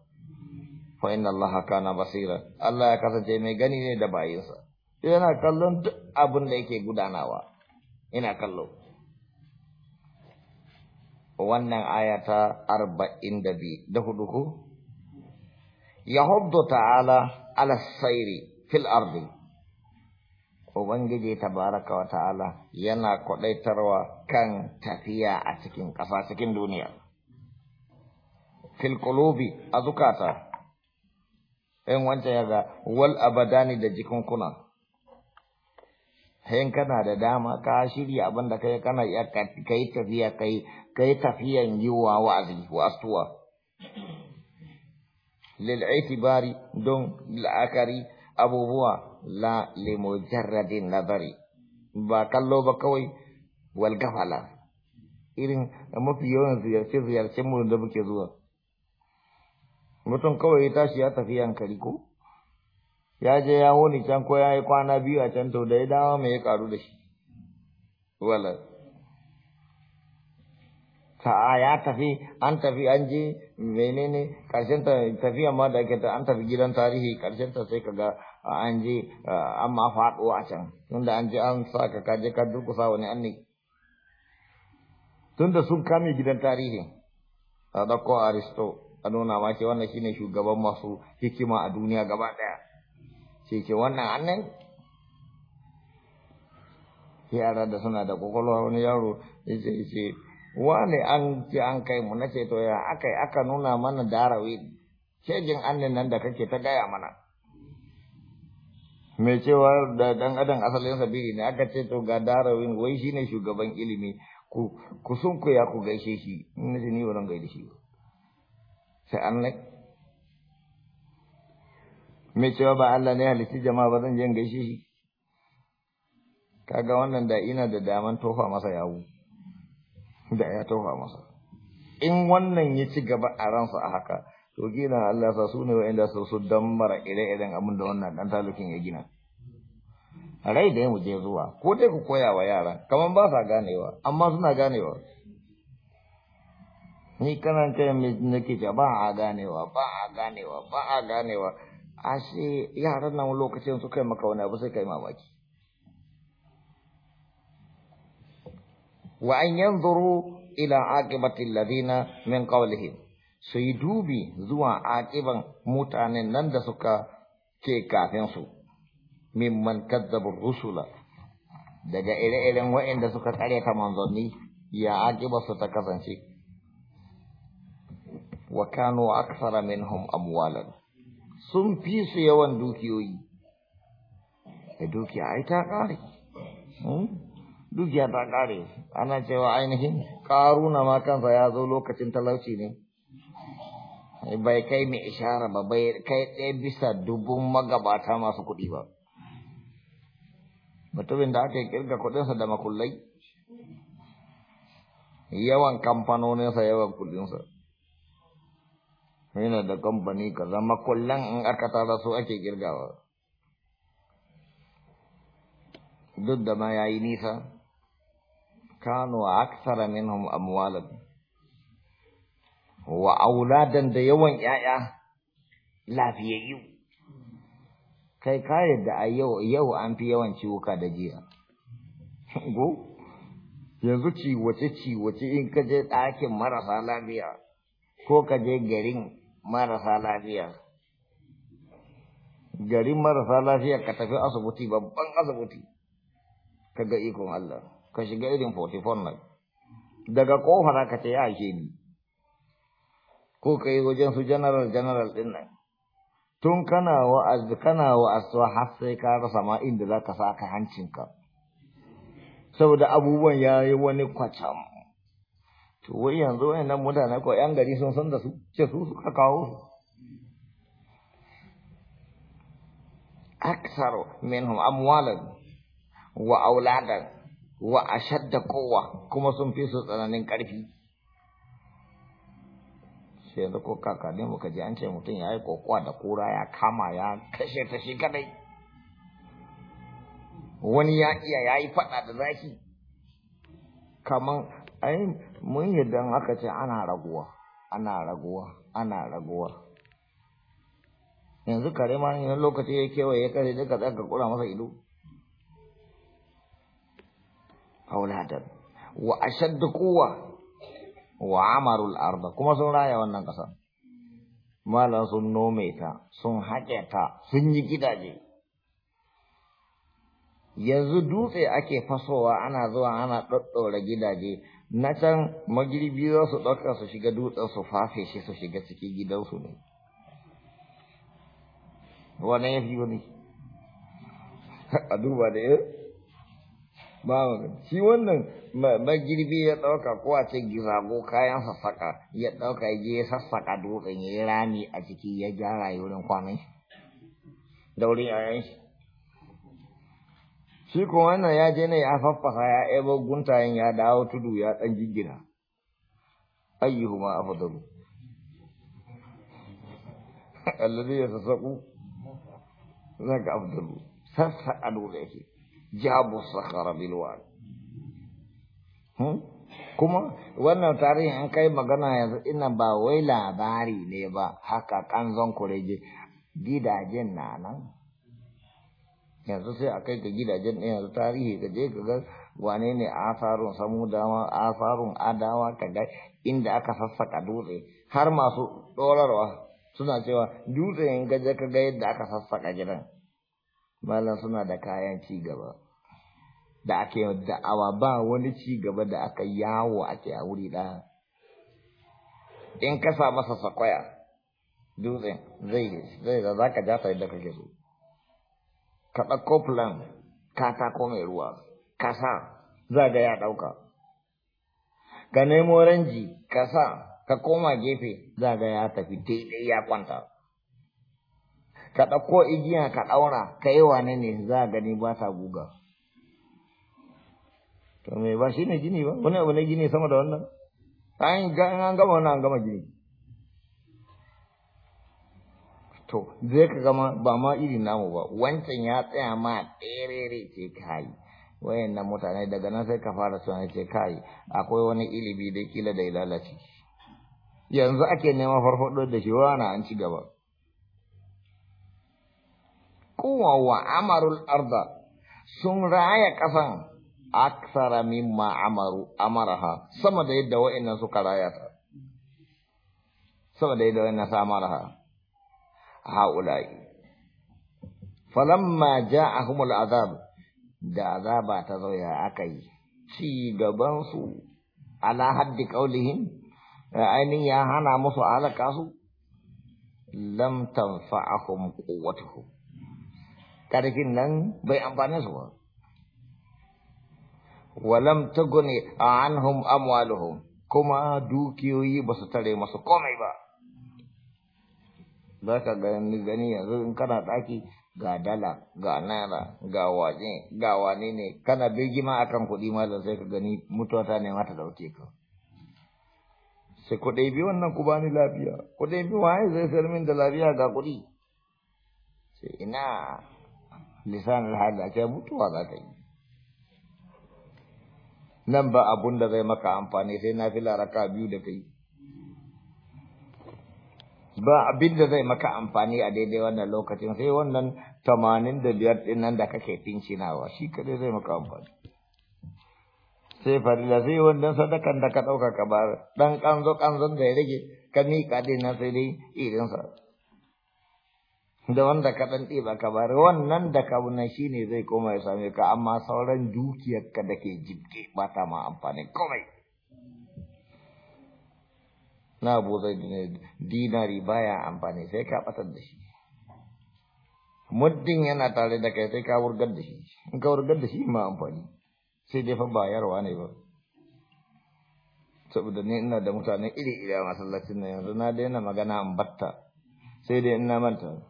fa inna allaha kana basira Allah ya kasance mai gani ne da bayinsa yana kallon duk abin da yake gudanawa ina kallo wannan aya ta arba'in da biyu da hudu ku Yahudu ta'ala alasairi fil ardi ubangiji tabaraka wa ta'ala yana kwadaitarwa kan tafiya a cikin ƙasa cikin duniya fil a zukata. in wancan yaga wal abadani da jikin kuna. sayan kana da dama ka shirya abinda da kai kana iya kai tafiya kai kai tafiyan yiwa wa'azi wasuwa lil itibari don la'akari abubuwa la li mujarradin nazari ba kallo ba kawai wal gafala irin mafi yawan ziyarce ziyarce mu da muke zuwa mutum kawai ya tashi ya tafi yankari ko ya je ya wuni can ko ya yi kwana biyu a can to da ya dawo mai ya karu da shi wala sa'a ya tafi an tafi an je menene karshen ta tafiya ma da ake ta an tafi gidan tarihi karshen ta sai kaga an je an ma faɗo a can tunda an je an sa ka kaje ka durkusa wani an ne tunda sun kame gidan tarihi a ɗauko aristo a nuna ma ce wannan shine shugaban masu hikima a duniya gaba ɗaya shi ke wannan annan yara da suna da kwakwalwa wani yaro ya ce ce wane an ce an kai mu na ce to ya aka yi aka nuna mana darawi shegin annin nan da kake ta gaya mana mai cewa da dan adam asalin sabiri ne aka ce to ga darawin wai shine shugaban ilimi ku sun ku ya ku gaishe shi in ji ni gaishe shi sai annai me cewa ba Allah ne halitti jama'a ba zan je in gaishe shi kaga wannan da ina da daman tofa masa yawu da ya tofa masa in wannan ya ci gaba a ransa a haka to gina Allah sa sune wa'anda su su dammara ire-iren abin da wannan dan talukin ya gina rai da mu je zuwa ko dai ku koya wa yara kaman ba sa ganewa amma suna ganewa ni kanan kai mai nake ce ba a ganewa ba a ganewa ba a ganewa a ce yaran nan lokacin su kai maka wani abu sai kai mamaki wa an yanzuru ila aqibati alladhina min qawlihim su suyi dubi zuwa aqiban mutanen nan da suka ke kafin su mimman kadzabu rusula daga ire-iren waɗanda suka karyata manzanni ya aqiba su ta kasance wa kanu akthara minhum amwalan sun fi su yawan dukiyoyi da dukiya ai ta ƙare hmm? dukiya ta ƙare ana cewa ainihin ƙaruna ma kansa ya zo lokacin talauci ne bai kai mai ishara ba bai kai ɗaya bisa dubun magabata masu kuɗi ba mutumin da aka kirga kuɗinsa da makullai yawan kamfanoninsa yawan kuɗinsa yana da kamfani ka zama kullum in aka tara su ake girgawa duk da ma ya yi nisa kano a aksara minhum amwalan wa auladan da yawan ‘ya'ya lafiyayyu kai kare da a yau an fi yawan ciwuka da jiya go [laughs] yanzu ciwace-ciwace in ka je ɗakin marasa lafiya ko ka je garin marasa lafiya garin marasa lafiya ka tafi asibiti babban asibiti ka ga ikon Allah ka shiga irin 44 nan daga kofar ka ce ya ke ni ko ka wajen su general general din nan tun kana wa kana aswa har sai ka rasa ma inda za ka saka hancinka saboda abubuwan ya yi wani kwacam to wai yanzu wayannan mutane ko yan gari sun san da su ce su suka kawo su min minhum amwalan wa auladan wa ashadda kowa kuma sun fi su tsananin ƙarfi sai yanzu ko kakanni muka ji an ce mutum ya yi kokowa da kura ya kama ya kashe ta shi kadai wani ya iya ya yi faɗa da zaki kaman ai mun yadda aka ce ana raguwa ana raguwa ana raguwa yanzu kare ma ne lokaci ya kewaye kare duka za ka kura masa ido auladan wa ashaddu quwwa wa amarul arda kuma sun raya wannan kasa malan sun nome ta sun haƙe ta sun yi gidaje yanzu dutse ake fasowa ana zuwa ana ɗaɗɗaura gidaje na can magirbi za su ɗauka su shiga dutsen su fafe shi su shiga ciki gidansu ne wannan ya fi wani [laughs] a duba da yau ba shi wannan magirbi ya ɗauka ko a ce gizago kayan sassaka ya ɗauka ya je sassaka dutsen ya yi rami a ciki ya gyara yi kwanan shi da wurin yayan shi shi ko wannan ya je ne ya faffasa ya ebo guntayen ya dawo tudu ya dan jingina ayyuhuma afdalu [laughs] alladhi yasaqu zak afdalu sassa adu yake jabu sakhara bil wal hmm? kuma wannan tarihin an kai magana yanzu ina ba wai labari ne ba haka kanzon kurege gidajen na nan yanzu sai a kai ka gidajen ɗaya yanzu tarihi ka je ka ga wane ne asarun samudawa asarun adawa ka ga inda aka sassaka dutse har masu ɗorarwa suna cewa dutse in ka je ka ga yadda aka sassaka gidan malam suna da kayan ci gaba da ake da'awa ba wani ci gaba da aka yawo ake a wuri ɗaya in ka sa masa sakwaya dutse zai zai za ka ja sai da kake so ka ɗauko plan katako mai ruwa ka sa za ga ya ɗauka ka nemo ranji ka sa ka koma gefe za ga ya tafi daidai ya kwanta ka ɗauko igiya ka ɗaura ka yi wane ne za a ni ba ta guga to me ba shi ne gini ba wani abu ne gini sama da wannan an gama wannan an gama gini to zai ka gama ba ma iri namu ba wancan ya tsaya ma ɗerere ce kayi, wayan nan mutane daga nan sai ka fara suna ce kayi, akwai wani ilimi da kila da lalace yanzu ake nema farfaɗo da shi wana an ci gaba Kuma wa amarul arda sun raya kasan aksara mimma amaru amaraha sama da yadda nan suka raya ta sama da yadda nan sa amaraha haulai falamma ja'ahumul azab, da azaba ta zo ya akai ci gaban su ala haddi kaulihim ainihin ya hana musu alaka su lam tanfa'ahum quwwatuhum karfin nan bai amfane su ba walam tuguni anhum amwaluhum kuma dukiyoyi ba su tare masu komai ba za ka gani gani yanzu in kana ɗaki ga dala ga naira ga waje ga wane ne kana birgima akan kuɗi malam sai ka gani mutuwa ta nema ta ɗauke ka sai ku bi wannan ku bani lafiya ku bi waye zai sayar min da lafiya ga kuɗi sai ina lisan alhali ce mutuwa za ta yi nan ba abun da zai maka amfani sai na fi laraka biyu da kai ba abin da zai maka amfani a daidai wannan lokacin sai wannan tamanin da biyar ɗin nan da kake fincinawa shi kadai zai maka amfani sai farila sai wannan sadakan da ka ɗauka ka bar ɗan ƙanzo ƙanzon da ya rage ka miƙa ɗin nan sai dai irinsa da wanda ka ɗan ɗiba ka bar wannan da ka wunan shi ne zai koma ya same ka amma sauran dukiyarka da ke jibge ba ta ma amfani komai na abu zai dinari baya amfani sai ka batar da shi muddin yana tare da kai sai ka wurgar da shi in ka wurgar da shi ma amfani sai dai fa bayarwa ne ba saboda ne ina da mutane iri iri a masallacin nan yanzu na daina magana an batta sai dai ina manta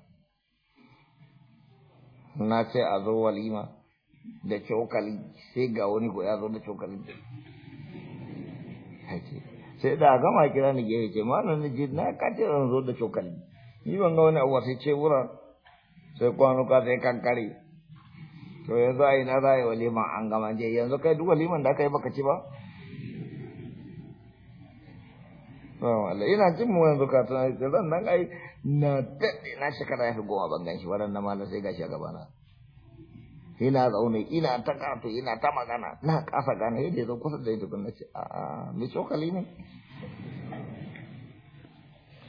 na ce a zo walima da cokali sai ga wani ko ya zo da cokali sai da gama kira ni gefe ce malam ni ji na kace ran zo da cokali ni ban ga wani abu sai ce wura sai kwanuka sai kankare to yanzu a ina za a yi walima an gama je yanzu kai duk waliman da kai baka ci ba Allah ina jin mu yanzu ka tana ran nan ai na daɗe na shekara ya fi goma ban gan shi waɗannan malam sai gashi a gabana. ina zaune ina ta kato ina ta magana na kasa gane yadda ya zo kusa da yadda na ce a mai cokali ne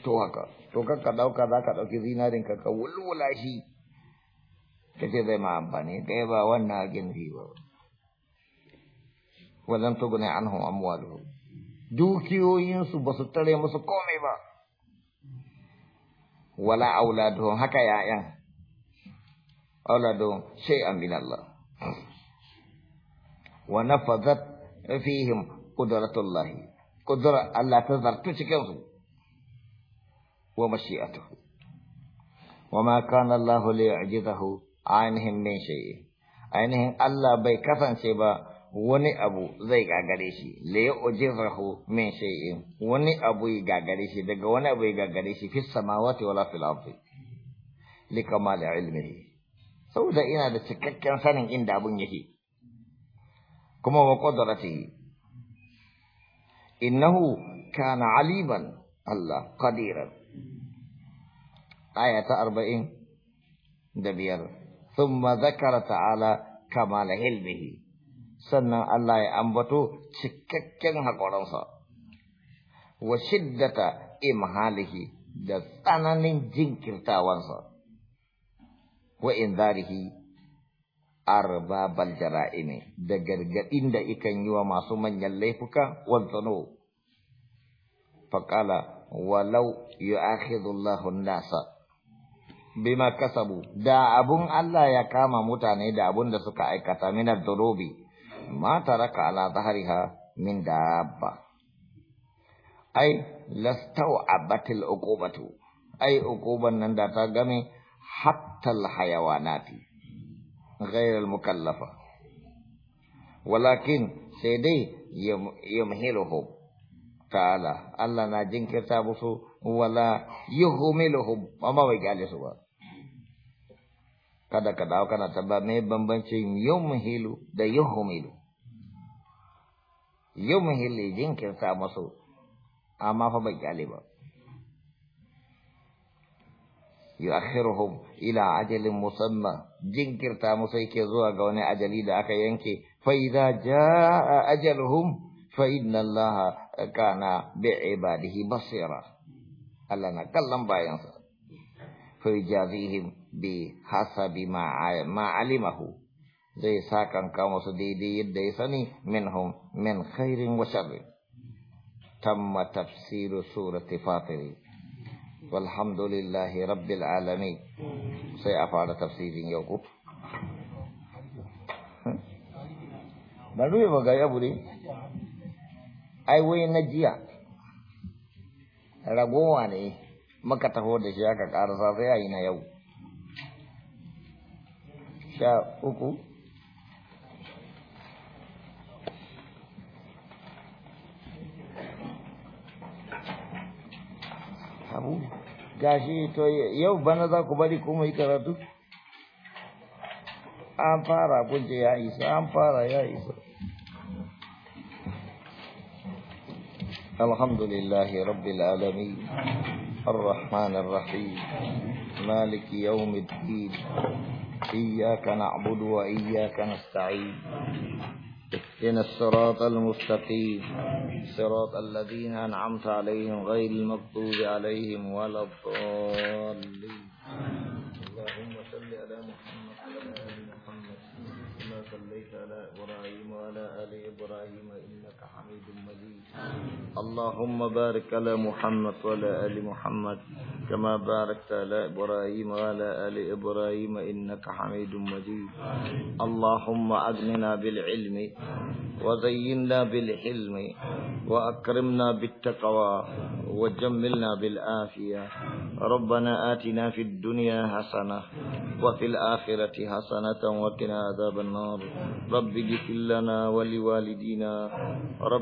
to haka to ka dauka za ka dauki zinarin ka ka wulwula shi Ta ce zai ma amfani kai ba wannan hakin zai ba wajen tuguna an hau amuwa amwalu dukiyoyinsu ba su tare musu komai ba wala auladuhum haka ya'yan أرادوا شيئا من الله ونفذت فيهم قدرة الله قدرة الله تظهر تشكيه ومشيئته وما كان الله ليعجزه عنهم من شيء عنهم الله بيكثن سيبا وني أبو زي غاغريشي ليعجزه من شيء وني أبو غاغريشي دقا وني أبو غاغريشي في السماوات ولا في الأرض لكمال علمه saboda ina da cikakken sanin inda abun yake kuma wa qudratihi innahu kana aliman Allah qadiran aya ta 40 da biyar thumma zakara ta'ala kamala ilmihi sannan Allah ya ambato cikakken haƙurinsa wa shiddata imhalihi da tsananin jinkirtawansa wa zarihi arbabal jara'imi da gargadin da ikan yi wa masu manyan laifuka wanzano zano faqala walau yu'akhidullahu an-nasa bima kasabu da abun Allah ya kama mutane da abun da suka aikata min ad-durubi ma taraka ala zahriha min dabba ai lastau abatil uqubatu ai uquban nan da ta game حتى الحيوانات غير المكلفة ولكن سيدي يم يمهلهم تعالى ألا ناجين كتابه ولا يهملهم وما بيقال سوا كذا كذا وكذا تبا مي بمبنشي يمهلو دا يهملو يمهل جين كتابه أما فبيقال سوا يؤخرهم إلى عجل مسمى جنكر تامسيك زوغون أجلي لأك ينكي فإذا جاء أجلهم فإن الله كان بعباده بصيرا الله نكلم باينسا فيجازيهم بحسب ما ما علمه زي ساكن كامو سديدي يدي سني منهم من خير وشر تم تفسير سورة فاطري walhamdulillahi rabbil alamin sai a fara tafsirin yau ku. ba ruwe ba ga ai wai na jiya ragowa ne maka taho da shi aka karasa sai a na yau sha uku gashi to yau bana za ku bari kuma yi karatu an fara kunce ya isa an fara ya isa الحمد لله رب العالمين الرحمن الرحيم مالك يوم الدين إياك نعبد وإياك نستعين اهدنا الصراط المستقيم صراط الذين أنعمت عليهم غير المغضوب عليهم ولا الضالين اللهم صل على محمد وعلى آل محمد كما صليت على إبراهيم وعلى آل إبراهيم إن اللهم بارك على محمد وعلى آل محمد كما باركت على إبراهيم وعلى آل إبراهيم إنك حميد مجيد اللهم أغننا بالعلم وزينا بالحلم وأكرمنا بالتقوى وجملنا بالعافيه ربنا آتنا في الدنيا حسنة وفي الآخرة حسنة وقنا عذاب النار رب اغفر لنا ولوالدينا رب